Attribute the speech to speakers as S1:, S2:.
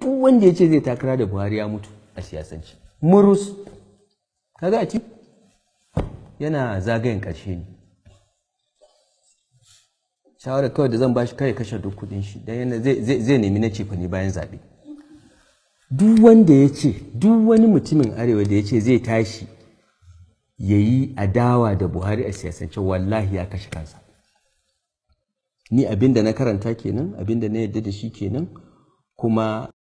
S1: duk wanda ya ce zai takara da buhari ya mutu a siyasance murus kaga a ci yana zagayen ƙarshe ne shawarar kawai da zan bashi kai kashe duk kudin shi dan yana zai nemi na cefa ne bayan zaɓe duk wanda ya ce duk wani mutumin arewa da ya ce zai tashi ya yi adawa da buhari a siyasance wallahi ya kashe kansa ni abinda na karanta kenan abinda na yadda da shi kenan kuma